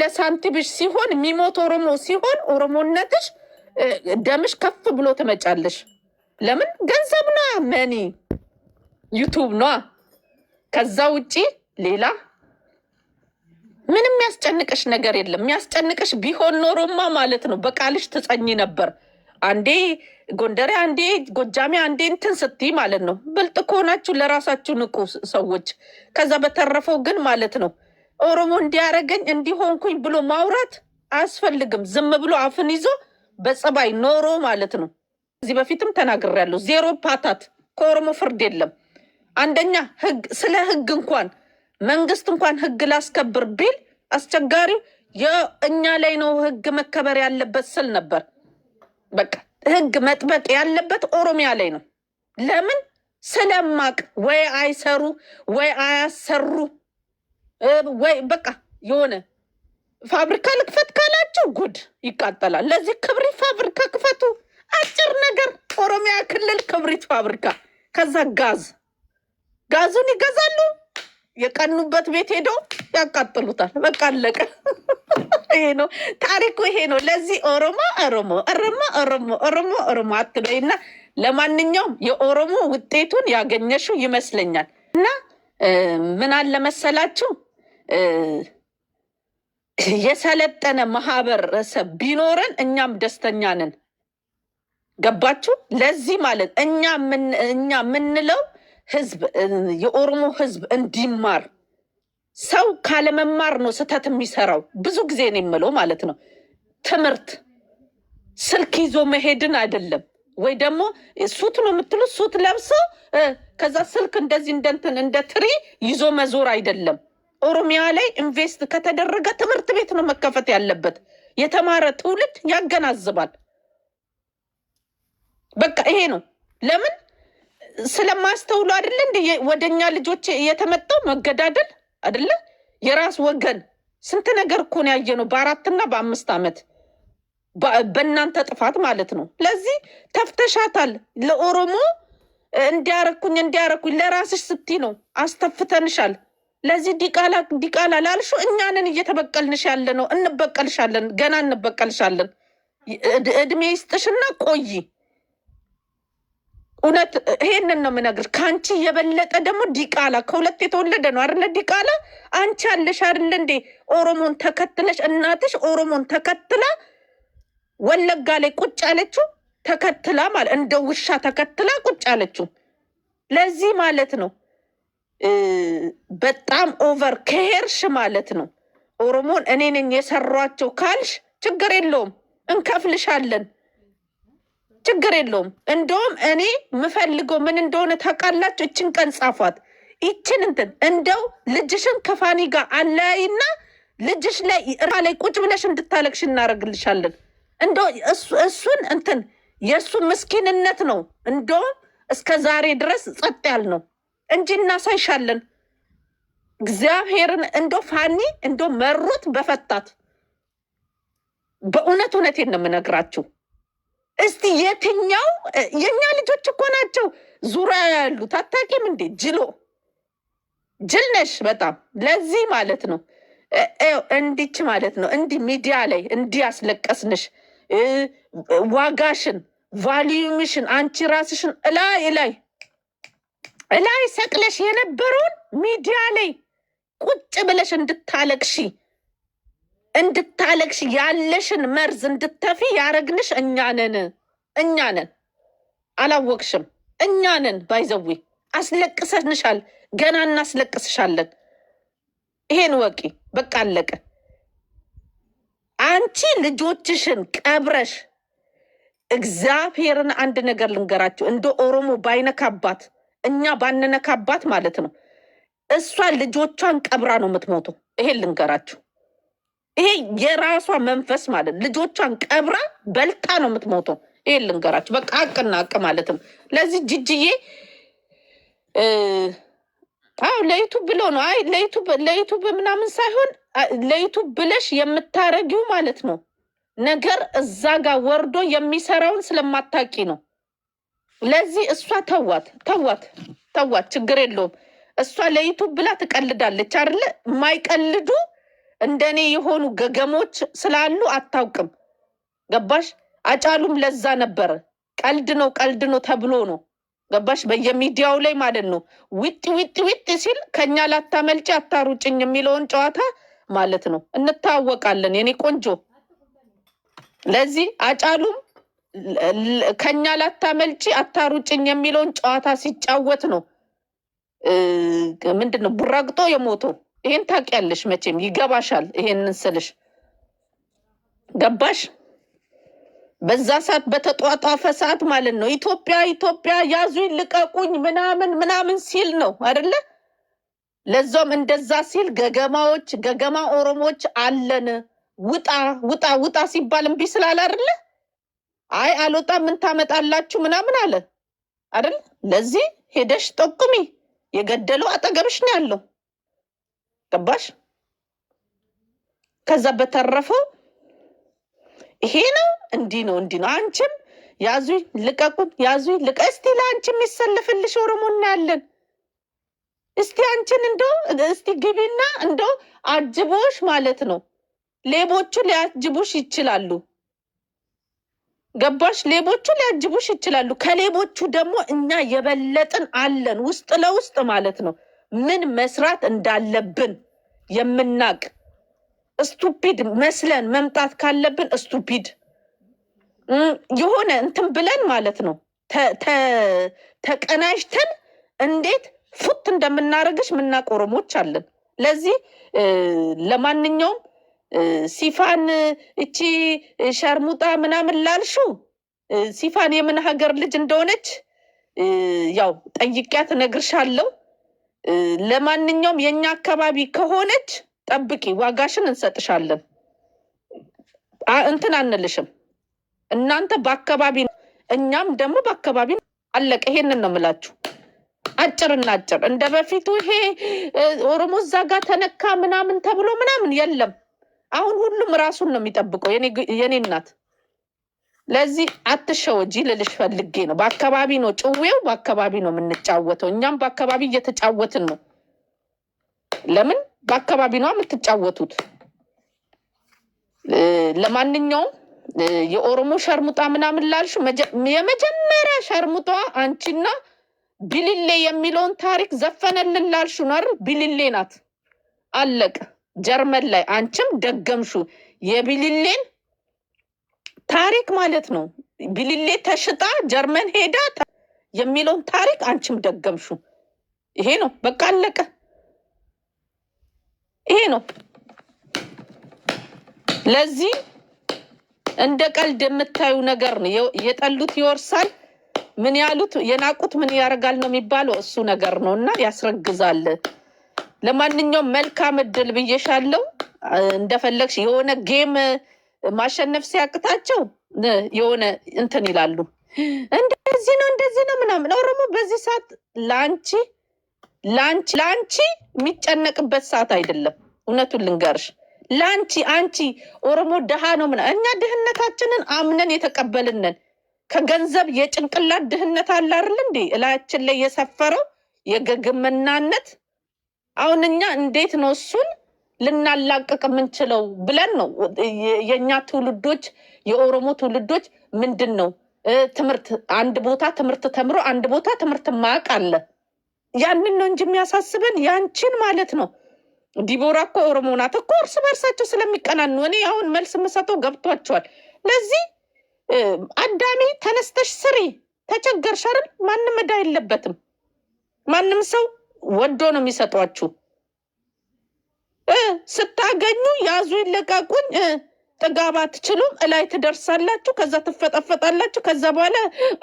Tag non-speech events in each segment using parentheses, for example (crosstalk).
ለሳንቲምሽ ሲሆን የሚሞት ኦሮሞ ሲሆን ኦሮሞነትሽ ደምሽ ከፍ ብሎ ትመጫለሽ። ለምን ገንዘብ ኗ መኒ ዩቱብ ኗ። ከዛ ውጪ ሌላ ምንም የሚያስጨንቅሽ ነገር የለም። የሚያስጨንቅሽ ቢሆን ኖሮማ ማለት ነው በቃልሽ ትጸኝ ነበር። አንዴ ጎንደሬ፣ አንዴ ጎጃሜ፣ አንዴ እንትን ስትይ ማለት ነው። ብልጥ ከሆናችሁ ለራሳችሁ ንቁ ሰዎች። ከዛ በተረፈው ግን ማለት ነው ኦሮሞ እንዲያረገኝ እንዲሆንኩኝ ብሎ ማውራት አያስፈልግም። ዝም ብሎ አፍን ይዞ በጸባይ ኖሮ ማለት ነው። ከዚህ በፊትም ተናግሬያለሁ። ዜሮ ፓታት ከኦሮሞ ፍርድ የለም። አንደኛ ህግ ስለ ህግ እንኳን መንግስት እንኳን ህግ ላስከብር ቢል አስቸጋሪው እኛ ላይ ነው ህግ መከበር ያለበት ስል ነበር። በቃ ህግ መጥበቅ ያለበት ኦሮሚያ ላይ ነው። ለምን ስለማቅ ወይ አይሰሩ ወይ አያሰሩ ወይ በቃ የሆነ ፋብሪካ ልክፈት ካላቸው ጉድ ይቃጠላል። ለዚህ ክብሪት ፋብሪካ ክፈቱ። አጭር ነገር ኦሮሚያ ክልል ክብሪት ፋብሪካ፣ ከዛ ጋዝ ጋዙን ይገዛሉ። የቀኑበት ቤት ሄደው ያቃጥሉታል። በቃ አለቀ። (laughs) ይሄ ነው ታሪኩ። ይሄ ነው ለዚህ ኦሮሞ ኦሮሞ ኦሮሞ ኦሮሞ ኦሮሞ ኦሮሞ እና ለማንኛውም የኦሮሞ ውጤቱን ያገኘሽው ይመስለኛል እና ምን አለ መሰላችሁ የሰለጠነ ማህበረሰብ ቢኖረን እኛም ደስተኛ ነን። ገባችሁ? ለዚህ ማለት እኛ እኛ የምንለው ህዝብ የኦሮሞ ህዝብ እንዲማር ሰው ካለመማር ነው ስህተት የሚሰራው። ብዙ ጊዜ ነው የምለው ማለት ነው። ትምህርት ስልክ ይዞ መሄድን አይደለም። ወይ ደግሞ ሱት ነው የምትሉት ሱት ለብሰው ከዛ ስልክ እንደዚህ እንደንትን እንደ ትሪ ይዞ መዞር አይደለም። ኦሮሚያ ላይ ኢንቨስት ከተደረገ ትምህርት ቤት ነው መከፈት ያለበት። የተማረ ትውልድ ያገናዝባል። በቃ ይሄ ነው። ለምን ስለማስተውሉ አይደለ? እንደ ወደኛ ልጆች የተመጣው መገዳደል አይደለ? የራስ ወገን ስንት ነገር እኮ ነው ያየነው በአራትና በአምስት ዓመት በእናንተ ጥፋት ማለት ነው። ለዚህ ተፍተሻታል። ለኦሮሞ እንዲያረኩኝ እንዲያረኩኝ ለራስሽ ስቲ ነው አስተፍተንሻል። ለዚህ ዲቃላ ዲቃላ ላልሹ እኛንን እየተበቀልንሽ ያለ ነው። እንበቀልሻለን፣ ገና እንበቀልሻለን። እድሜ ይስጥሽና ቆይ። እውነት ይሄንን ነው የምነግርሽ። ከአንቺ የበለጠ ደግሞ ዲቃላ ከሁለት የተወለደ ነው አይደለ? ዲቃላ አንቺ አለሽ አይደለ እንዴ? ኦሮሞን ተከትለሽ እናትሽ ኦሮሞን ተከትላ ወለጋ ላይ ቁጭ አለችው። ተከትላ ማለት እንደ ውሻ ተከትላ ቁጭ አለችው። ለዚህ ማለት ነው በጣም ኦቨር ከሄርሽ ማለት ነው። ኦሮሞን እኔ የሰሯቸው ካልሽ ችግር የለውም እንከፍልሻለን፣ ችግር የለውም። እንደውም እኔ ምፈልገው ምን እንደሆነ ታውቃላችሁ? እችን ቀን ጻፏት፣ ይችን እንትን እንደው ልጅሽን ከፋኒ ጋር አለያይና ልጅሽ ላይ ላይ ቁጭ ብለሽ እንድታለቅሽ እናደርግልሻለን። እንደው እሱን እንትን የእሱ ምስኪንነት ነው እንደውም እስከ ዛሬ ድረስ ጸጥ ያል ነው። እንጂ እናሳይሻለን። እግዚአብሔርን እንዶ ፋኒ እንዶ መሩት በፈታት በእውነት እውነቴን ነው የምነግራችሁ። እስቲ የትኛው የእኛ ልጆች እኮ ናቸው ዙሪያ ያሉት። አታውቂም እንዴ ጅሎ ጅል ነሽ በጣም ለዚህ ማለት ነው እንዲች ማለት ነው እንዲህ ሚዲያ ላይ እንዲህ ያስለቀስንሽ ዋጋሽን ቫሊዩምሽን አንቺ ራስሽን እላይ እላይ ላይ ሰቅለሽ የነበረውን ሚዲያ ላይ ቁጭ ብለሽ እንድታለቅሺ እንድታለቅሽ ያለሽን መርዝ እንድተፊ ያረግንሽ እኛ ነን። እኛ ነን። አላወቅሽም። እኛ ነን። ባይዘዊ አስለቅሰንሻል። ገና እናስለቅስሻለን። ይሄን ወቂ። በቃ አለቀ። አንቺ ልጆችሽን ቀብረሽ እግዚአብሔርን አንድ ነገር ልንገራቸው እንደ ኦሮሞ ባይነካባት እኛ ባንነካባት ማለት ነው። እሷ ልጆቿን ቀብራ ነው የምትሞተው። ይሄን ልንገራችሁ። ይሄ የራሷ መንፈስ ማለት ልጆቿን ቀብራ በልታ ነው የምትሞተው። ይሄን ልንገራችሁ። በቃ አቅና አቅ ማለት ነው። ለዚህ ጅጅዬ አዎ ለዩቱብ ብሎ ነው። አይ ለዩቱብ ምናምን ሳይሆን ለዩቱብ ብለሽ የምታረጊው ማለት ነው ነገር እዛ ጋር ወርዶ የሚሰራውን ስለማታቂ ነው። ለዚህ እሷ ተዋት ተዋት ተዋት፣ ችግር የለውም። እሷ ለዩቱብ ብላ ትቀልዳለች አይደለ? የማይቀልዱ እንደኔ የሆኑ ገገሞች ስላሉ አታውቅም። ገባሽ? አጫሉም ለዛ ነበረ ቀልድ ነው ቀልድ ነው ተብሎ ነው ገባሽ? በየሚዲያው ላይ ማለት ነው። ውጥ ውጥ ውጥ ሲል ከኛ ላታመልጭ አታሩጭኝ የሚለውን ጨዋታ ማለት ነው። እንታወቃለን የኔ ቆንጆ። ለዚህ አጫሉም ከኛ ላታመልጪ አታሩጭኝ የሚለውን ጨዋታ ሲጫወት ነው። ምንድን ነው ቡራግጦ የሞተው? ይሄን ታውቂያለሽ መቼም ይገባሻል። ይሄንን ስልሽ ገባሽ? በዛ ሰዓት በተጧጧፈ ሰዓት ማለት ነው። ኢትዮጵያ ኢትዮጵያ ያዙኝ ልቀቁኝ ምናምን ምናምን ሲል ነው አይደለ? ለዛም እንደዛ ሲል ገገማዎች ገገማ ኦሮሞዎች አለን ውጣ ውጣ ውጣ ሲባል እምቢ ስላለ አይደለ አይ አሎጣ ምን ታመጣላችሁ ምናምን አለ አይደል? ለዚህ ሄደሽ ጠቁሚ። የገደለው አጠገብሽ ነው ያለው። ገባሽ? ከዛ በተረፈው ይሄ ነው እንዲህ ነው እንዲህ ነው። አንቺም ያዙኝ ልቀቁኝ፣ ያዙኝ ልቀ እስቲ ለአንቺ የሚሰልፍልሽ ኦሮሞ እናያለን። እስቲ አንቺን እንደ እስቲ ግቢና እንደው አጅቦሽ ማለት ነው ሌቦቹ ሊያጅቡሽ ይችላሉ። ገባሽ? ሌቦቹ ሊያጅቡሽ ይችላሉ። ከሌቦቹ ደግሞ እኛ የበለጥን አለን፣ ውስጥ ለውስጥ ማለት ነው። ምን መስራት እንዳለብን የምናቅ ስቱፒድ መስለን መምጣት ካለብን ስቱፒድ የሆነ እንትን ብለን ማለት ነው ተቀናጅተን እንዴት ፉት እንደምናደርግሽ ምናቅ ኦሮሞች አለን። ለዚህ ለማንኛውም ሲፋን እቺ ሸርሙጣ ምናምን ላልሽው ሲፋን የምን ሀገር ልጅ እንደሆነች ያው ጠይቂያት እነግርሻለሁ። ለማንኛውም የእኛ አካባቢ ከሆነች ጠብቂ፣ ዋጋሽን እንሰጥሻለን። እንትን አንልሽም። እናንተ በአካባቢ እኛም ደግሞ በአካባቢ አለቀ። ይሄንን ነው ምላችሁ አጭርና አጭር እንደ በፊቱ ይሄ ኦሮሞ እዛ ጋር ተነካ ምናምን ተብሎ ምናምን የለም። አሁን ሁሉም ራሱን ነው የሚጠብቀው። የኔ እናት ለዚህ አትሸወጂ ልልሽ ፈልጌ ነው። በአካባቢ ነው ጭዌው፣ በአካባቢ ነው የምንጫወተው። እኛም በአካባቢ እየተጫወትን ነው። ለምን በአካባቢ ነው የምትጫወቱት። ለማንኛውም የኦሮሞ ሸርሙጣ ምናምን ላልሹ የመጀመሪያ ሸርሙጧ አንቺና ቢልሌ የሚለውን ታሪክ ዘፈነልን ላልሹ ነር ቢልሌ ናት። አለቀ። ጀርመን ላይ አንቺም ደገምሹ የቢሊሌን ታሪክ ማለት ነው። ቢሊሌ ተሽጣ ጀርመን ሄዳ የሚለውን ታሪክ አንቺም ደገምሹ። ይሄ ነው በቃ አለቀ። ይሄ ነው ለዚህ እንደ ቀልድ የምታዩ ነገር ነው። የጠሉት ይወርሳል፣ ምን ያሉት የናቁት ምን ያደርጋል ነው የሚባለው። እሱ ነገር ነው እና ያስረግዛል። ለማንኛውም መልካም እድል ብዬሻለው። እንደፈለግሽ የሆነ ጌም ማሸነፍ ሲያቅታቸው የሆነ እንትን ይላሉ። እንደዚህ ነው እንደዚህ ነው ምናምን። ኦሮሞ በዚህ ሰዓት ለአንቺ ለአንቺ ለአንቺ የሚጨነቅበት ሰዓት አይደለም። እውነቱን ልንገርሽ ለአንቺ አንቺ ኦሮሞ ድሃ ነው ምና እኛ ድህነታችንን አምነን የተቀበልንን ከገንዘብ የጭንቅላት ድህነት አለ አይደል እንዴ? እላያችን ላይ የሰፈረው የግግምናነት አሁን እኛ እንዴት ነው እሱን ልናላቅቅ የምንችለው ብለን ነው የእኛ ትውልዶች የኦሮሞ ትውልዶች ምንድን ነው ትምህርት አንድ ቦታ ትምህርት ተምሮ አንድ ቦታ ትምህርት ማቅ አለ። ያንን ነው እንጂ የሚያሳስበን ያንቺን ማለት ነው። ዲቦራ እኮ ኦሮሞ ናት እኮ እርስ በርሳቸው ስለሚቀናኑ እኔ አሁን መልስ የምሰጠው ገብቷቸዋል። ለዚህ አዳሚ ተነስተሽ ስሪ። ተቸገርሽ ማንም እዳ የለበትም ማንም ሰው ወዶ ነው የሚሰጧችሁ። ስታገኙ ያዙ ይለቀቁኝ፣ ጥጋብ አትችሉም፣ እላይ ትደርሳላችሁ፣ ከዛ ትፈጠፈጣላችሁ። ከዛ በኋላ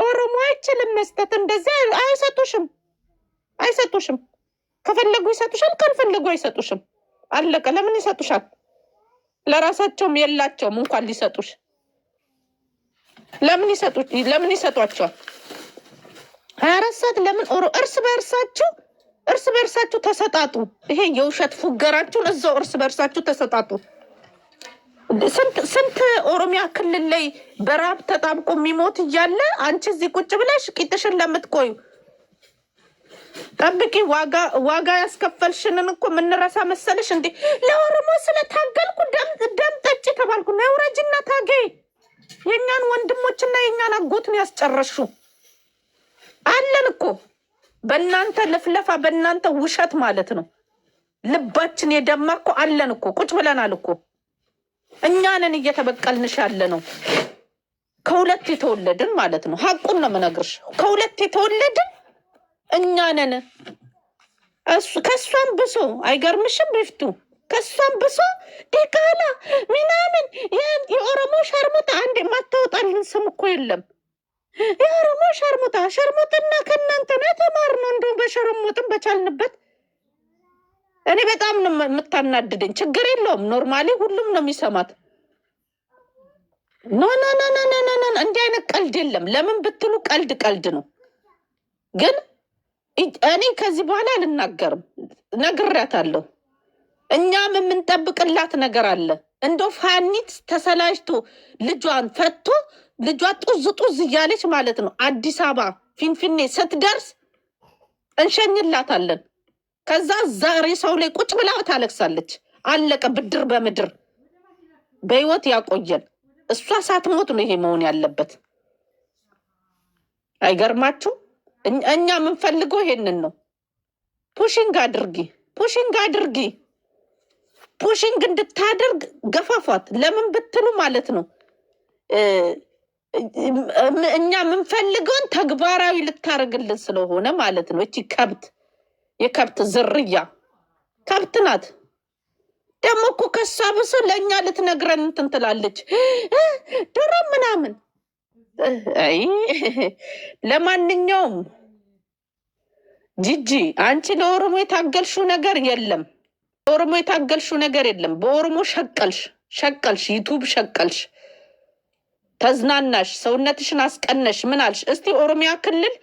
ኦሮሞ አይችልም መስጠት፣ እንደዚያ አይሰጡሽም፣ አይሰጡሽም። ከፈለጉ ይሰጡሻል፣ ካልፈለጉ አይሰጡሽም። አለቀ። ለምን ይሰጡሻል? ለራሳቸውም የላቸውም እንኳን ሊሰጡሽ ለምን ይሰጡ ለምን ይሰጧቸዋል? ሀያ አራት ሰዓት ለምን እርስ በእርሳችሁ እርስ በርሳችሁ ተሰጣጡ። ይሄ የውሸት ፉገራችሁን እዛው እርስ በርሳችሁ ተሰጣጡ። ስንት ኦሮሚያ ክልል ላይ በረሃብ ተጣብቆ የሚሞት እያለ አንቺ እዚህ ቁጭ ብለሽ ቂጥሽን ለምትቆዩ ጠብቂ። ዋጋ ያስከፈልሽንን እኮ የምንረሳ መሰለሽ እንዲ ለኦሮሞ ስለታገልኩ ደም ጠጭ ተባልኩ። ነውረጅና ታጌ የእኛን ወንድሞችና የእኛን አጎትን ያስጨረሹ አለን እኮ በእናንተ ልፍለፋ፣ በእናንተ ውሸት ማለት ነው። ልባችን የደማ እኮ አለን እኮ ቁጭ ብለናል እኮ እኛንን እየተበቀልንሽ ያለ ነው። ከሁለት የተወለድን ማለት ነው። ሀቁን ነው የምነግርሽ። ከሁለት የተወለድን እኛንን ከእሷን ብሶ አይገርምሽም? ብፍቱ ከእሷን ብሶ ዲቃላ ምናምን የኦሮሞ ሸርሙጣ አንድ የማታወጣልን ስም እኮ የለም። የኦሮሞ ሸርሙጣ ሸርሙጥና ከእናንተ ነው የተማርነው። እንደውም በሸርሙጥን በቻልንበት እኔ በጣም ነው የምታናድድኝ ችግር የለውም ኖርማሊ ሁሉም ነው የሚሰማት። ኖ ኖ ኖ ኖ ኖ ኖ እንዲህ አይነት ቀልድ የለም። ለምን ብትሉ ቀልድ ቀልድ ነው፣ ግን እኔ ከዚህ በኋላ አልናገርም። ነግሬያታለሁ። እኛም የምንጠብቅላት ነገር አለ እንደ ፋኒት ተሰላጅቶ ልጇን ፈቶ ልጇ ጡዝ ጡዝ እያለች ማለት ነው አዲስ አበባ ፊንፊኔ ስትደርስ እንሸኝላታለን። ከዛ ዛሬ ሰው ላይ ቁጭ ብላ ታለቅሳለች። አለቀ። ብድር በምድር በህይወት ያቆየን። እሷ ሳትሞት ነው ይሄ መሆን ያለበት። አይገርማችሁ? እኛ የምንፈልገው ይሄንን ነው። ፑሽንግ አድርጊ፣ ፑሽንግ አድርጊ። ፑሽንግ እንድታደርግ ገፋፏት። ለምን ብትሉ ማለት ነው እኛ የምንፈልገውን ተግባራዊ ልታደርግልን ስለሆነ ማለት ነው። እቺ ከብት የከብት ዝርያ ከብት ናት። ደግሞ እኮ ከሷ ብሶ ለእኛ ልትነግረን እንትን ትላለች ዶሮ ምናምን። ለማንኛውም ጂጂ አንቺ ለኦሮሞ የታገልሽው ነገር የለም። ኦሮሞ የታገልሽው ነገር የለም። በኦሮሞ ሸቀልሽ ሸቀልሽ፣ ዩቱብ ሸቀልሽ፣ ተዝናናሽ፣ ሰውነትሽን አስቀነሽ፣ ምን አልሽ? እስቲ ኦሮሚያ ክልል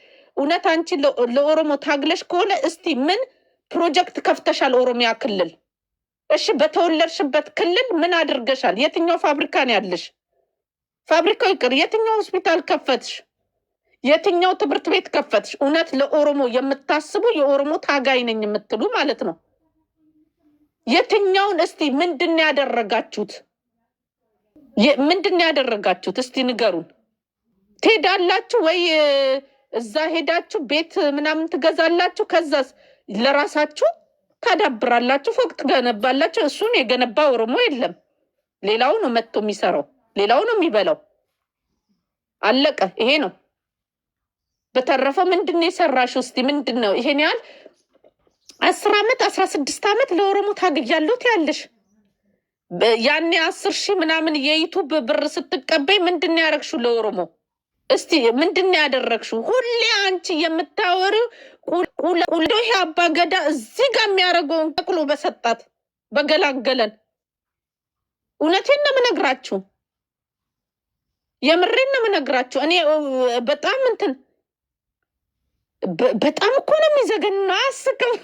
እውነት አንቺ ለኦሮሞ ታግለሽ ከሆነ እስቲ ምን ፕሮጀክት ከፍተሻል? ኦሮሚያ ክልል እሺ፣ በተወለድሽበት ክልል ምን አድርገሻል? የትኛው ፋብሪካ ነው ያለሽ? ፋብሪካው ይቅር፣ የትኛው ሆስፒታል ከፈትሽ? የትኛው ትምህርት ቤት ከፈትሽ? እውነት ለኦሮሞ የምታስቡ የኦሮሞ ታጋይ ነኝ የምትሉ ማለት ነው የትኛውን እስቲ ምንድን ያደረጋችሁት? ምንድን ነው ያደረጋችሁት? እስቲ ንገሩን። ትሄዳላችሁ ወይ እዛ ሄዳችሁ ቤት ምናምን ትገዛላችሁ። ከዛስ ለራሳችሁ ታዳብራላችሁ፣ ፎቅ ትገነባላችሁ። እሱን የገነባ ኦሮሞ የለም። ሌላው ነው መጥቶ የሚሰራው፣ ሌላው ነው የሚበላው። አለቀ። ይሄ ነው። በተረፈ ምንድን ነው የሰራሽ? እስቲ ምንድን ነው ይሄን ያህል አስር ዓመት አስራ ስድስት ዓመት ለኦሮሞ ታግያለሁ ትያለሽ። ያኔ አስር ሺህ ምናምን የዩቱብ ብር ስትቀበይ ምንድን ያደረግሽው ለኦሮሞ? እስቲ ምንድን ያደረግሽው? ሁሌ አንቺ የምታወሪው ቁልዶ ይሄ አባ ገዳ እዚህ ጋር የሚያደርገውን ቀቅሎ በሰጣት በገላገለን። እውነቴን ነው የምነግራችሁ፣ የምሬን ነው የምነግራችሁ። እኔ በጣም እንትን በጣም እኮ ነው የሚዘገንነው። አያስቅም።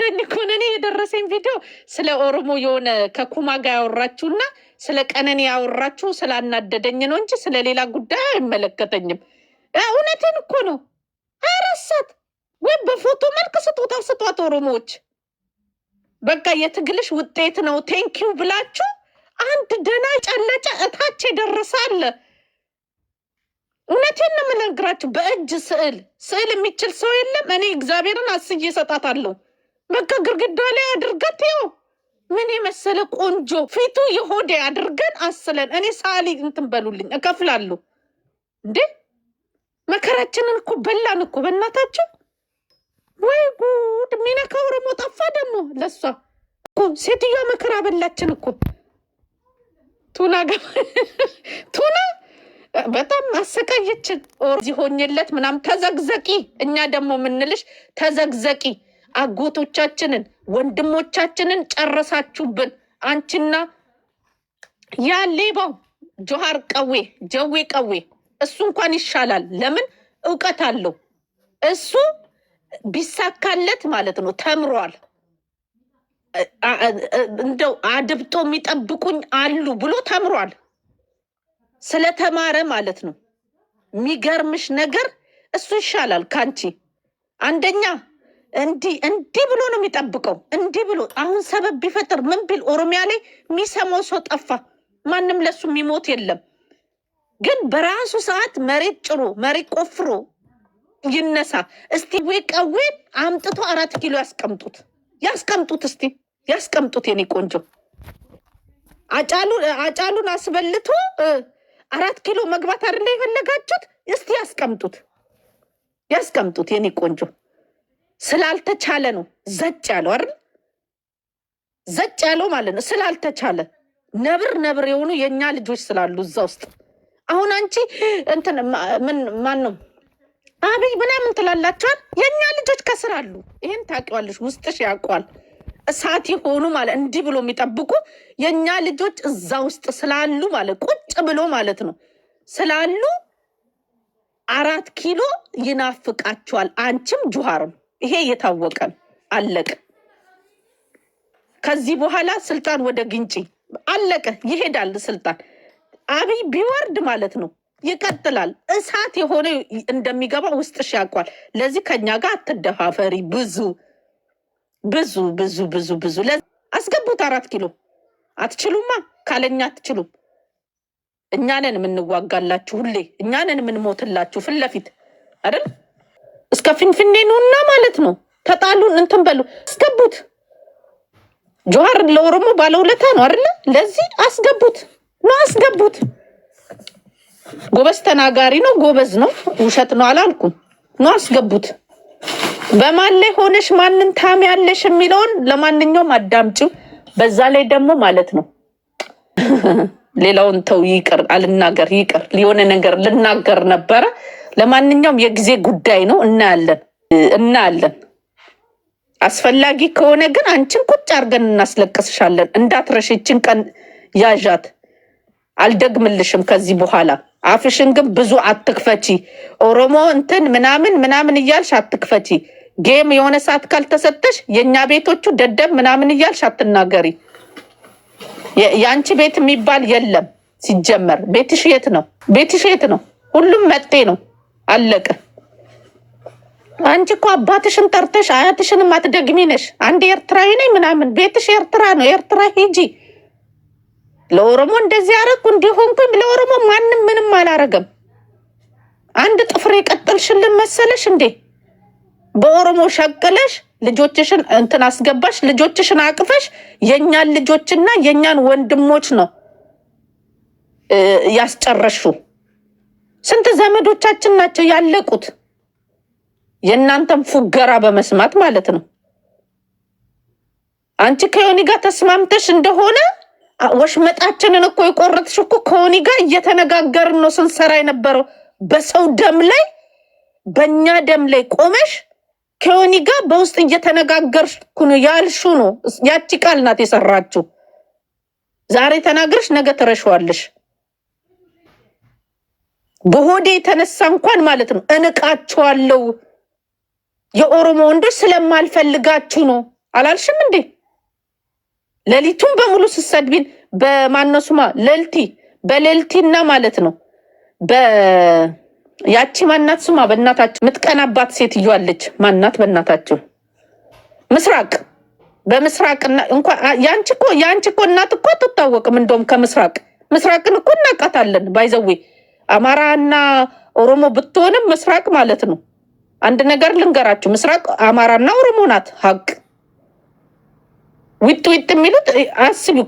ደን (laughs) ኮነ እኔ የደረሰኝ ቪዲዮ ስለ ኦሮሞ የሆነ ከኩማ ጋር ያወራችሁ ስለ ቀነኔ ያወራችሁ ስላናደደኝ ነው እንጂ ስለሌላ ጉዳይ አይመለከተኝም። እውነትን እኮ ነው። አረሳት ወይም በፎቶ መልክ ስጦታው ስጧት። ኦሮሞዎች በቃ የትግልሽ ውጤት ነው ቴንኪው ብላችሁ አንድ ደና ጨለጨ እታች የደረሰ አለ እውነቴን ነው የምነግራችሁ። በእጅ ስዕል ስዕል የሚችል ሰው የለም። እኔ እግዚአብሔርን አስዬ እሰጣታለሁ። በቃ ግርግዳ ላይ አድርገት ው ምን የመሰለ ቆንጆ ፊቱ የሆዴ አድርገን አስለን። እኔ ሳሊ እንትን በሉልኝ እከፍላለሁ እንዴ! መከራችንን እኮ በላን እኮ በእናታቸው። ወይ ጉድ! ሚነካ ኦሮሞ ጠፋ ደግሞ ለሷ እኮ ሴትዮዋ መከራ በላችን እኮ ቱና ቱና በጣም ማሰቃየችን። እዚህ ሆኜለት ምናምን ተዘግዘቂ። እኛ ደግሞ የምንልሽ ተዘግዘቂ። አጎቶቻችንን ወንድሞቻችንን ጨረሳችሁብን። አንቺና ያ ሌባው ጆሃር ቀዌ ጀዌ ቀዌ እሱ እንኳን ይሻላል። ለምን እውቀት አለው እሱ ቢሳካለት ማለት ነው። ተምሯል። እንደው አድብጦ የሚጠብቁኝ አሉ ብሎ ተምሯል። ስለተማረ ማለት ነው። የሚገርምሽ ነገር እሱ ይሻላል ከአንቺ አንደኛ እንዲህ እንዲህ ብሎ ነው የሚጠብቀው። እንዲህ ብሎ አሁን ሰበብ ቢፈጥር ምን ቢል ኦሮሚያ ላይ የሚሰማው ሰው ጠፋ። ማንም ለሱ የሚሞት የለም። ግን በራሱ ሰዓት መሬት ጭሮ መሬት ቆፍሮ ይነሳ። እስቲ ቀዌ አምጥቶ አራት ኪሎ ያስቀምጡት ያስቀምጡት እስቲ ያስቀምጡት። የኔ ቆንጆ አጫሉን አስበልቶ አራት ኪሎ መግባት አይደለ የፈለጋችሁት? እስቲ ያስቀምጡት ያስቀምጡት። የኔ ቆንጆ ስላልተቻለ ነው ዘጭ ያለው አይደል? ዘጭ ያለው ማለት ነው ስላልተቻለ ነብር ነብር የሆኑ የእኛ ልጆች ስላሉ እዛ ውስጥ አሁን አንቺ እንትን ማን ነው አብይ ምናምን ትላላቸዋል። የእኛ ልጆች ከስር አሉ። ይሄን ታውቂዋለሽ፣ ውስጥሽ ያውቀዋል። እሳት የሆኑ ማለት እንዲህ ብሎ የሚጠብቁ የእኛ ልጆች እዛ ውስጥ ስላሉ ማለት ቁጭ ብሎ ማለት ነው ስላሉ አራት ኪሎ ይናፍቃቸዋል አንቺም ጁሃርም ይሄ የታወቀ አለቀ። ከዚህ በኋላ ስልጣን ወደ ግንጪ አለቀ፣ ይሄዳል ስልጣን። አብይ ቢወርድ ማለት ነው ይቀጥላል። እሳት የሆነ እንደሚገባ ውስጥሽ ያውቋል። ለዚህ ከኛ ጋር አትደፋፈሪ ብዙ ብዙ ብዙ ብዙ ብዙ አስገቡት። አራት ኪሎ አትችሉማ፣ ካለኛ አትችሉም። እኛንን የምንዋጋላችሁ ሁሌ እኛንን የምንሞትላችሁ ፊት ለፊት አይደል? እስከ ፊንፊኔ ነውና ማለት ነው። ተጣሉን እንትን በሉ፣ አስገቡት። ጆሀር ለኦሮሞ ባለውለታ ነው አይደለ? ለዚህ አስገቡት ነው አስገቡት። ጎበዝ ተናጋሪ ነው፣ ጎበዝ ነው። ውሸት ነው አላልኩም ነው አስገቡት። በማን ላይ ሆነሽ ማንን ታም ያለሽ የሚለውን ለማንኛውም አዳምጪው። በዛ ላይ ደግሞ ማለት ነው ሌላውን ተው ይቅር፣ አልናገር ይቅር፣ የሆነ ነገር ልናገር ነበረ። ለማንኛውም የጊዜ ጉዳይ ነው። እናያለን እናያለን። አስፈላጊ ከሆነ ግን አንቺን ቁጭ አድርገን እናስለቅስሻለን። እንዳትረሽ ይችን ቀን ያዣት። አልደግምልሽም ከዚህ በኋላ አፍሽን ግን ብዙ አትክፈቺ። ኦሮሞ እንትን ምናምን ምናምን እያልሽ አትክፈቺ። ጌም የሆነ ሰዓት ካልተሰጠሽ የእኛ ቤቶቹ ደደብ ምናምን እያልሽ አትናገሪ። የአንቺ ቤት የሚባል የለም ሲጀመር። ቤትሽ የት ነው? ቤትሽ የት ነው? ሁሉም መጤ ነው። አለቀ። አንቺ እኮ አባትሽን ጠርተሽ አያትሽንም አትደግሚ ነሽ። አንድ ኤርትራዊ ነኝ ምናምን ቤትሽ ኤርትራ ነው። ኤርትራ ሂጂ። ለኦሮሞ እንደዚህ አረግኩ እንዲሆንኩም ለኦሮሞ ማንም ምንም አላረገም። አንድ ጥፍር የቀጠልሽልን መሰለሽ እንዴ? በኦሮሞ ሸቅለሽ ልጆችሽን እንትን አስገባሽ፣ ልጆችሽን አቅፈሽ የእኛን ልጆችና የእኛን ወንድሞች ነው ያስጨረሹ። ስንት ዘመዶቻችን ናቸው ያለቁት የእናንተን ፉገራ በመስማት ማለት ነው። አንቺ ከዮኒ ጋር ተስማምተሽ እንደሆነ ወሽመጣችንን እኮ የቆረጥሽ እኮ ከዮኒ ጋር እየተነጋገርን ነው ስንሰራ የነበረው በሰው ደም ላይ በእኛ ደም ላይ ቆመሽ ከዮኒ ጋር በውስጥ እየተነጋገርኩ ነው ያልሹ ነው። ያቺ ቃል ናት የሰራችው። ዛሬ ተናግረሽ ነገ ትረሸዋለሽ። በሆዴ የተነሳ እንኳን ማለት ነው እንቃችኋለው። የኦሮሞ ወንዶች ስለማልፈልጋችሁ ነው አላልሽም እንዴ? ሌሊቱን በሙሉ ስሰድቢን በማነሱማ ለልቲ በሌልቲና ማለት ነው በ ያቺ ማናት? ሱማ በእናታችሁ የምትቀናባት ሴትዮ አለች። ማናት? በእናታችሁ ምስራቅ በምስራቅ ያንቺ እኮ ያንቺ እኮ እናት እኮ አትታወቅም። እንደውም ከምስራቅ ምስራቅን እኮ እናውቃታለን። ባይዘዌ አማራና ኦሮሞ ብትሆንም ምስራቅ ማለት ነው። አንድ ነገር ልንገራችሁ፣ ምስራቅ አማራና ኦሮሞ ናት። ሀቅ ዊጥ ዊጥ የሚሉት አስቢው።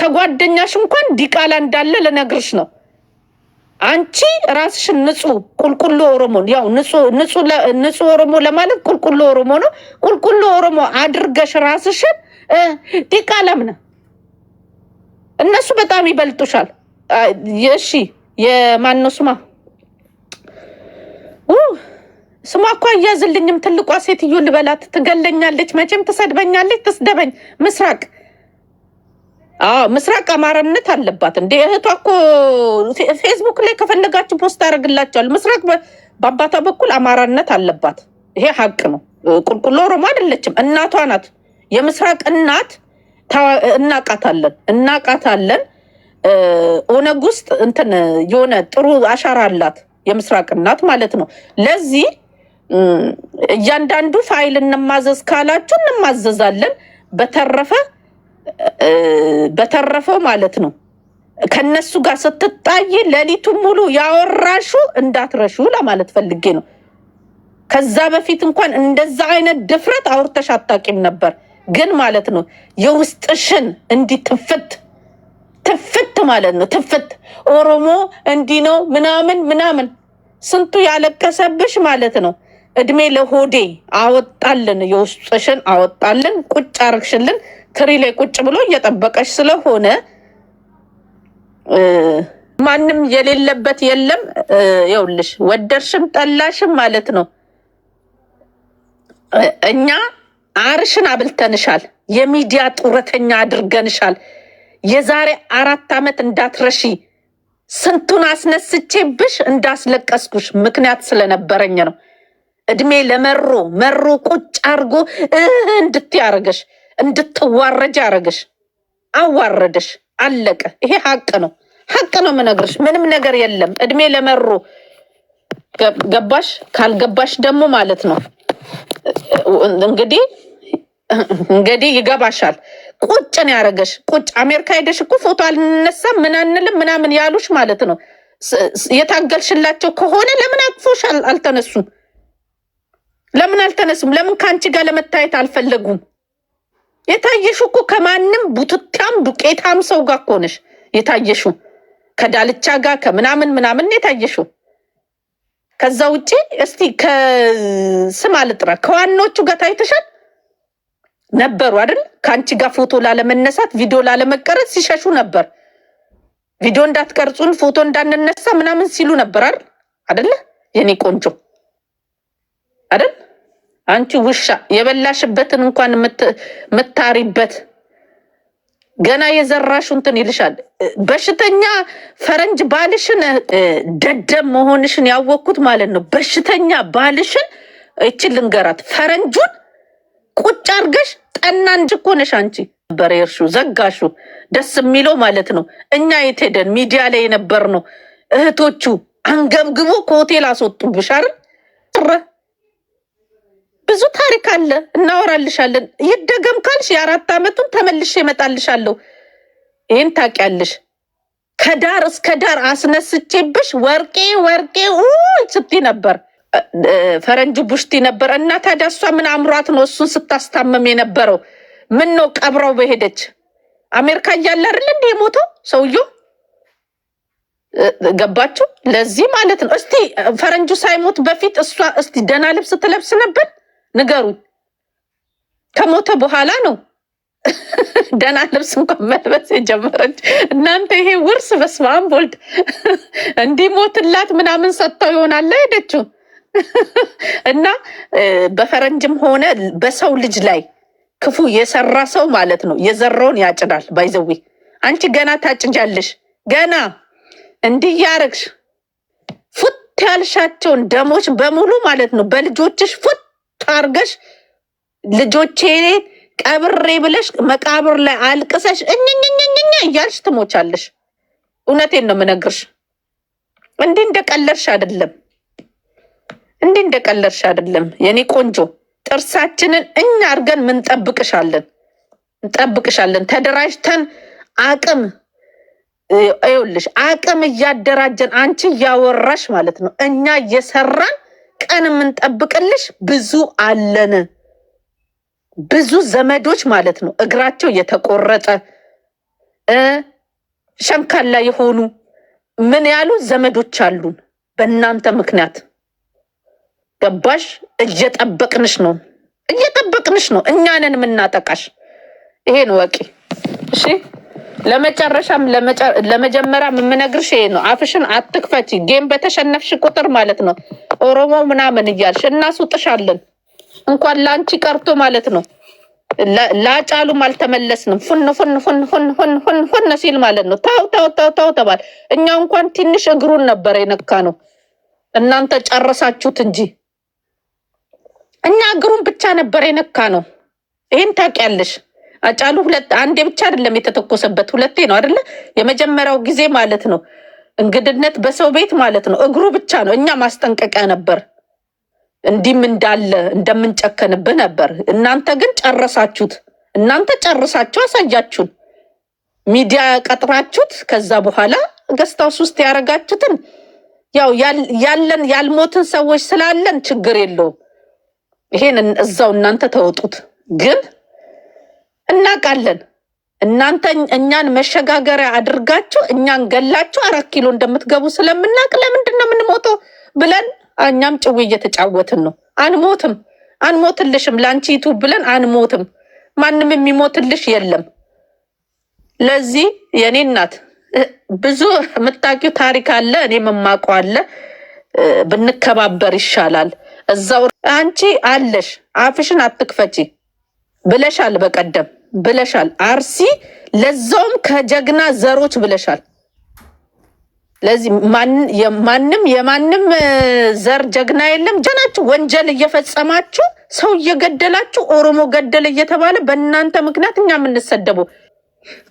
ከጓደኛሽ እንኳን ዲቃላ እንዳለ ልነግርሽ ነው። አንቺ ራስሽን ንጹህ ቁልቁሎ ኦሮሞ ያው ንጹህ ኦሮሞ ለማለት ቁልቁሎ ኦሮሞ ነው። ቁልቁሎ ኦሮሞ አድርገሽ ራስሽን ዲቃላም ነ። እነሱ በጣም ይበልጡሻል። እሺ የማነው ስማ ስሟ እኮ አያዝልኝም። ትልቋ ሴትዮ ልበላት። ትገለኛለች፣ መቼም ትሰድበኛለች። ትስደበኝ ምስራቅ ምስራቅ አማራነት አለባት እንደ እህቷ እኮ ፌስቡክ ላይ ከፈለጋችሁ ፖስት አደረግላቸዋል። ምስራቅ በአባቷ በኩል አማራነት አለባት። ይሄ ሀቅ ነው። ቁልቁሎ ኦሮሞ አይደለችም፣ እናቷ ናት። የምስራቅ እናት እናቃታለን፣ እናቃታለን። ኦነግ ውስጥ እንትን የሆነ ጥሩ አሻራ አላት፣ የምስራቅ እናት ማለት ነው። ለዚህ እያንዳንዱ ፋይል እንማዘዝ ካላችሁ እንማዘዛለን። በተረፈ በተረፈ ማለት ነው ከነሱ ጋር ስትጣይ ሌሊቱ ሙሉ ያወራሹ እንዳትረሹ ለማለት ፈልጌ ነው። ከዛ በፊት እንኳን እንደዛ አይነት ድፍረት አውርተሽ አታቂም ነበር። ግን ማለት ነው የውስጥሽን እንዲህ ትፍት ትፍት ማለት ነው ትፍት ኦሮሞ እንዲህ ነው ምናምን ምናምን ስንቱ ያለቀሰብሽ ማለት ነው። እድሜ ለሆዴ አወጣልን፣ የውስጥሽን አወጣልን፣ ቁጭ አርግሽልን። ትሪ ላይ ቁጭ ብሎ እየጠበቀች ስለሆነ ማንም የሌለበት የለም። ይኸውልሽ ወደድሽም ጠላሽም ማለት ነው እኛ አርሽን አብልተንሻል፣ የሚዲያ ጡረተኛ አድርገንሻል። የዛሬ አራት ዓመት እንዳትረሺ ስንቱን አስነስቼብሽ እንዳስለቀስኩሽ ምክንያት ስለነበረኝ ነው። እድሜ ለመሮ መሮ ቁጭ አርጎ እንድት ያረገሽ እንድትዋረጅ ያረገሽ አዋረደሽ። አለቀ። ይሄ ሀቅ ነው፣ ሀቅ ነው የምነግርሽ። ምንም ነገር የለም። እድሜ ለመሮ ገባሽ ካልገባሽ ደግሞ ማለት ነው እንግዲህ እንግዲህ ይገባሻል። ቁጭን ያረገሽ ቁጭ አሜሪካ ሄደሽ እኮ ፎቶ አልነሳም ምን አንልም ምናምን ያሉሽ ማለት ነው። የታገልሽላቸው ከሆነ ለምን አቅፎሽ አልተነሱም? ለምን አልተነሱም? ለምን ከአንቺ ጋር ለመታየት አልፈለጉም? የታየሹ እኮ ከማንም ቡትታም ዱቄታም ሰው ጋር እኮ ነሽ የታየሹ፣ ከዳልቻ ጋር ከምናምን ምናምን የታየሹ። ከዛ ውጭ እስቲ ከስም አልጥራ ከዋናዎቹ ጋር ታይተሻል ነበሩ አይደል? ከአንቺ ጋር ፎቶ ላለመነሳት ቪዲዮ ላለመቀረጽ ሲሸሹ ነበር። ቪዲዮ እንዳትቀርጹን ፎቶ እንዳንነሳ ምናምን ሲሉ ነበር አይደል? የኔ ቆንጆ አንቺ ውሻ የበላሽበትን እንኳን የምታሪበት ገና የዘራሽ እንትን ይልሻል። በሽተኛ ፈረንጅ ባልሽን ደደብ መሆንሽን ያወቅኩት ማለት ነው። በሽተኛ ባልሽን እችን ልንገራት፣ ፈረንጁን ቁጭ አርገሽ ጠና እንጂ እኮ ነሽ አንቺ በሬርሹ ዘጋሹ። ደስ የሚለው ማለት ነው እኛ የት ሄደን ሚዲያ ላይ የነበር ነው እህቶቹ አንገብግቦ ከሆቴል አስወጡብሻል። ብዙ ታሪክ አለ፣ እናወራልሻለን። ይደገም ካልሽ የአራት ዓመቱን ተመልሼ እመጣልሻለሁ። ይህን ታውቂያለሽ። ከዳር እስከ ዳር አስነስቼብሽ ወርቄ ወርቄ ስቲ ነበር፣ ፈረንጅ ቡሽቲ ነበር። እና ታዲያ እሷ ምን አእምሯት ነው እሱን ስታስታመም የነበረው? ምን ነው ቀብረው በሄደች አሜሪካ እያለ አይደል እንዲህ የሞተው ሰውዮ ገባችሁ? ለዚህ ማለት ነው። እስቲ ፈረንጁ ሳይሞት በፊት እሷ እስቲ ደህና ልብስ ትለብስ ነበር ንገሩኝ። ከሞተ በኋላ ነው (laughs) ደህና ልብስ እንኳን መልበስ የጀመረች። እናንተ ይሄ ውርስ በስመ አብ ወልድ (laughs) እንዲሞትላት ምናምን ሰጥተው ይሆናል ሄደችው (laughs) እና በፈረንጅም ሆነ በሰው ልጅ ላይ ክፉ የሰራ ሰው ማለት ነው የዘራውን ያጭዳል። ባይዘዌ አንቺ ገና ታጭጃለሽ። ገና እንዲያረግሽ ፉት ያልሻቸውን ደሞች በሙሉ ማለት ነው በልጆችሽ ፉት ቃርገሽ ልጆቼ ቀብሬ ብለሽ መቃብር ላይ አልቅሰሽ እኝኝኝኝኝ እያልሽ ትሞቻለሽ። እውነቴን ነው የምነግርሽ። እንዲህ እንደቀለርሽ አይደለም፣ እንዲህ እንደቀለርሽ አይደለም የኔ ቆንጆ። ጥርሳችንን እኛ አድርገን ምንጠብቅሻለን፣ እንጠብቅሻለን ተደራጅተን አቅም ይኸውልሽ አቅም እያደራጀን አንቺ እያወራሽ ማለት ነው እኛ እየሰራን ቀን የምንጠብቅልሽ ብዙ አለን። ብዙ ዘመዶች ማለት ነው እግራቸው የተቆረጠ ሸንካላ የሆኑ ምን ያሉ ዘመዶች አሉን በእናንተ ምክንያት። ገባሽ? እየጠበቅንሽ ነው እየጠበቅንሽ ነው። እኛንን የምናጠቃሽ ይሄን ወቂ። እሺ፣ ለመጨረሻም ለመጀመሪያም የምነግርሽ ይሄ ነው። አፍሽን አትክፈቺ። ጌም በተሸነፍሽ ቁጥር ማለት ነው ኦሮሞ ምናምን እያልሽ እናስውጥሻለን። እንኳን ለአንቺ ቀርቶ ማለት ነው ላጫሉም አልተመለስንም። ፉን ፉን ፉን ፉን ፉን ፉን ፉን ሲል ማለት ነው ታው ታው ታው ታው ተባል። እኛ እንኳን ትንሽ እግሩን ነበር የነካ ነው፣ እናንተ ጨረሳችሁት እንጂ እኛ እግሩን ብቻ ነበር የነካ ነው። ይህን ታውቂያለሽ። አጫሉ ሁለት አንዴ ብቻ አይደለም የተተኮሰበት፣ ሁለቴ ነው አይደለ? የመጀመሪያው ጊዜ ማለት ነው እንግድነት በሰው ቤት ማለት ነው። እግሩ ብቻ ነው። እኛ ማስጠንቀቂያ ነበር፣ እንዲህም እንዳለ እንደምንጨከንብህ ነበር። እናንተ ግን ጨረሳችሁት። እናንተ ጨርሳችሁ አሳያችሁን። ሚዲያ ቀጥራችሁት፣ ከዛ በኋላ ገስታውስ ውስጥ ያደረጋችሁትን ያው ያለን ያልሞትን ሰዎች ስላለን ችግር የለውም። ይሄን እዛው እናንተ ተወጡት። ግን እናውቃለን እናንተ እኛን መሸጋገሪያ አድርጋችሁ እኛን ገላችሁ አራት ኪሎ እንደምትገቡ ስለምናቅ ለምንድን ነው የምንሞተው ብለን እኛም ጭው እየተጫወትን ነው። አንሞትም፣ አንሞትልሽም ለአንቺ ቱ ብለን አንሞትም። ማንም የሚሞትልሽ የለም። ለዚህ የኔ እናት ብዙ የምታውቂው ታሪክ አለ፣ እኔ የማውቀው አለ። ብንከባበር ይሻላል። እዛው አንቺ አለሽ አፍሽን አትክፈቺ ብለሻል በቀደም ብለሻል። አርሲ ለዛውም ከጀግና ዘሮች ብለሻል። ለዚህ ማንም የማንም ዘር ጀግና የለም። ጀናችሁ ወንጀል እየፈጸማችሁ ሰው እየገደላችሁ ኦሮሞ ገደለ እየተባለ በእናንተ ምክንያት እኛ የምንሰደበው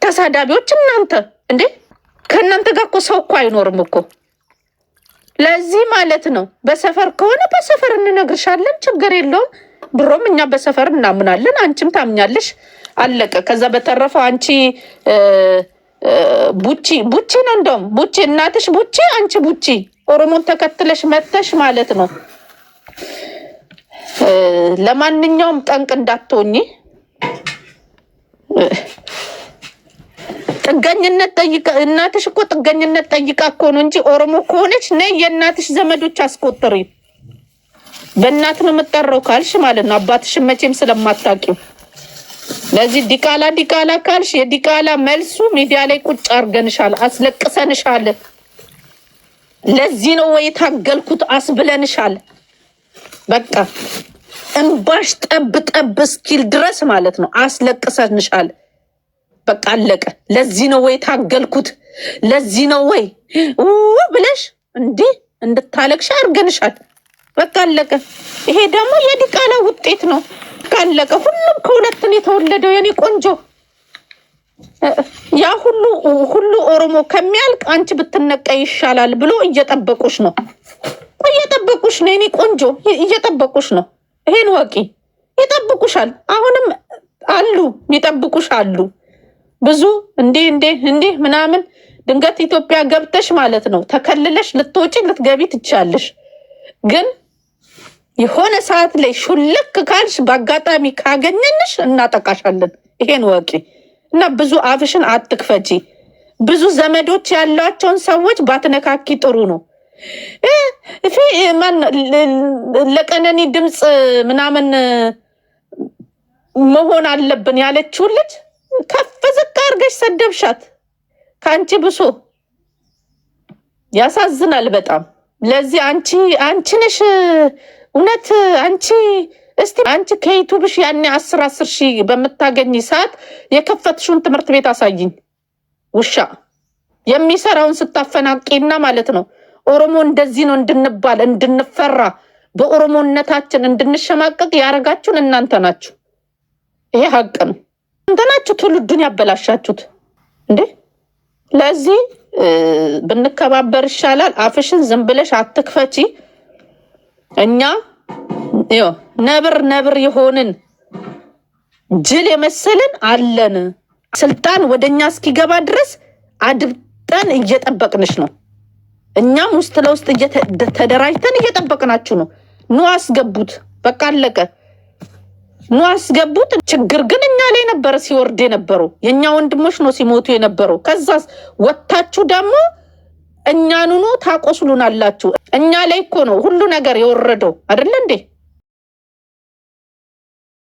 ተሳዳቢዎች እናንተ እንዴ! ከእናንተ ጋር እኮ ሰው እኮ አይኖርም እኮ። ለዚህ ማለት ነው በሰፈር ከሆነ በሰፈር እንነግርሻለን፣ ችግር የለውም። ድሮም እኛ በሰፈር እናምናለን፣ አንቺም ታምኛለሽ። አለቀ። ከዛ በተረፈ አንቺ ቡቺ ቡቺ ነው እንደውም ቡቺ እናትሽ ቡቺ አንቺ ቡቺ ኦሮሞን ተከትለሽ መተሽ ማለት ነው። ለማንኛውም ጠንቅ እንዳትሆኝ። ጥገኝነት ጠይቃ እናትሽ እኮ ጥገኝነት ጠይቃ እኮ ነው እንጂ ኦሮሞ ከሆነች ነ የእናትሽ ዘመዶች አስቆጥሪ። በእናት ነው የምጠራው ካልሽ ማለት ነው። አባትሽን መቼም ስለማታውቂው ለዚህ ዲቃላ ዲቃላ ካልሽ የዲቃላ መልሱ ሚዲያ ላይ ቁጭ አድርገንሻል፣ አስለቅሰንሻል። ለዚህ ነው ወይ የታገልኩት አስብለንሻል። በቃ እንባሽ ጠብ ጠብ እስኪል ድረስ ማለት ነው አስለቅሰንሻል። በቃ አለቀ። ለዚህ ነው ወይ የታገልኩት፣ ለዚህ ነው ወይ ብለሽ እንዲህ እንድታለቅሽ አድርገንሻል። በቃ አለቀ። ይሄ ደግሞ የዲቃላ ውጤት ነው። ካለቀ ሁሉም ከሁለትን የተወለደው የኔ ቆንጆ ያ ሁሉ ሁሉ ኦሮሞ ከሚያልቅ አንቺ ብትነቀ ይሻላል ብሎ እየጠበቁሽ ነው፣ እየጠበቁሽ ነው የኔ ቆንጆ፣ እየጠበቁሽ ነው። ይሄን ወቂ። ይጠብቁሻል። አሁንም አሉ ይጠብቁሽ አሉ ብዙ እንዴ እንዲህ እንዴ ምናምን ድንገት ኢትዮጵያ ገብተሽ ማለት ነው ተከልለሽ ልትወጪ ልትገቢ ትችያለሽ ግን የሆነ ሰዓት ላይ ሹልክ ካልሽ በአጋጣሚ ካገኘንሽ እናጠቃሻለን። ይሄን ወቂ እና ብዙ አፍሽን አትክፈቺ። ብዙ ዘመዶች ያሏቸውን ሰዎች ባትነካኪ ጥሩ ነው። ለቀነኒ ድምፅ ምናምን መሆን አለብን ያለችው ልጅ ከፍ ዝቅ አድርገሽ ሰደብሻት። ከአንቺ ብሶ ያሳዝናል በጣም ለዚህ አንቺ አንቺ ነሽ እውነት አንቺ እስቲ አንቺ ከዩቱብሽ ያኔ አስር አስር ሺህ በምታገኝ ሰዓት የከፈትሽውን ትምህርት ቤት አሳይኝ። ውሻ የሚሰራውን ስታፈናቂና ማለት ነው። ኦሮሞ እንደዚህ ነው እንድንባል እንድንፈራ በኦሮሞነታችን እንድንሸማቀቅ ያደረጋችሁን እናንተ ናችሁ። ይሄ ሀቅ ነው። እናንተ ናችሁ ትውልዱን ያበላሻችሁት። እንዴ ለዚህ ብንከባበር ይሻላል። አፍሽን ዝም ብለሽ አትክፈቺ። እኛ ነብር ነብር የሆንን ጅል የመሰልን አለን። ስልጣን ወደ እኛ እስኪገባ ድረስ አድብጠን እየጠበቅንሽ ነው። እኛም ውስጥ ለውስጥ ተደራጅተን እየጠበቅናችሁ ነው። ኑ አስገቡት፣ በቃ አለቀ። ኑ አስገቡት። ችግር ግን እኛ ላይ ነበረ ሲወርድ የነበረው የእኛ ወንድሞች ነው ሲሞቱ የነበረው። ከዛ ወታችሁ ደግሞ እኛኑኑ ታቆስሉናላችሁ። እኛ ላይ እኮ ነው ሁሉ ነገር የወረደው አይደለ እንዴ?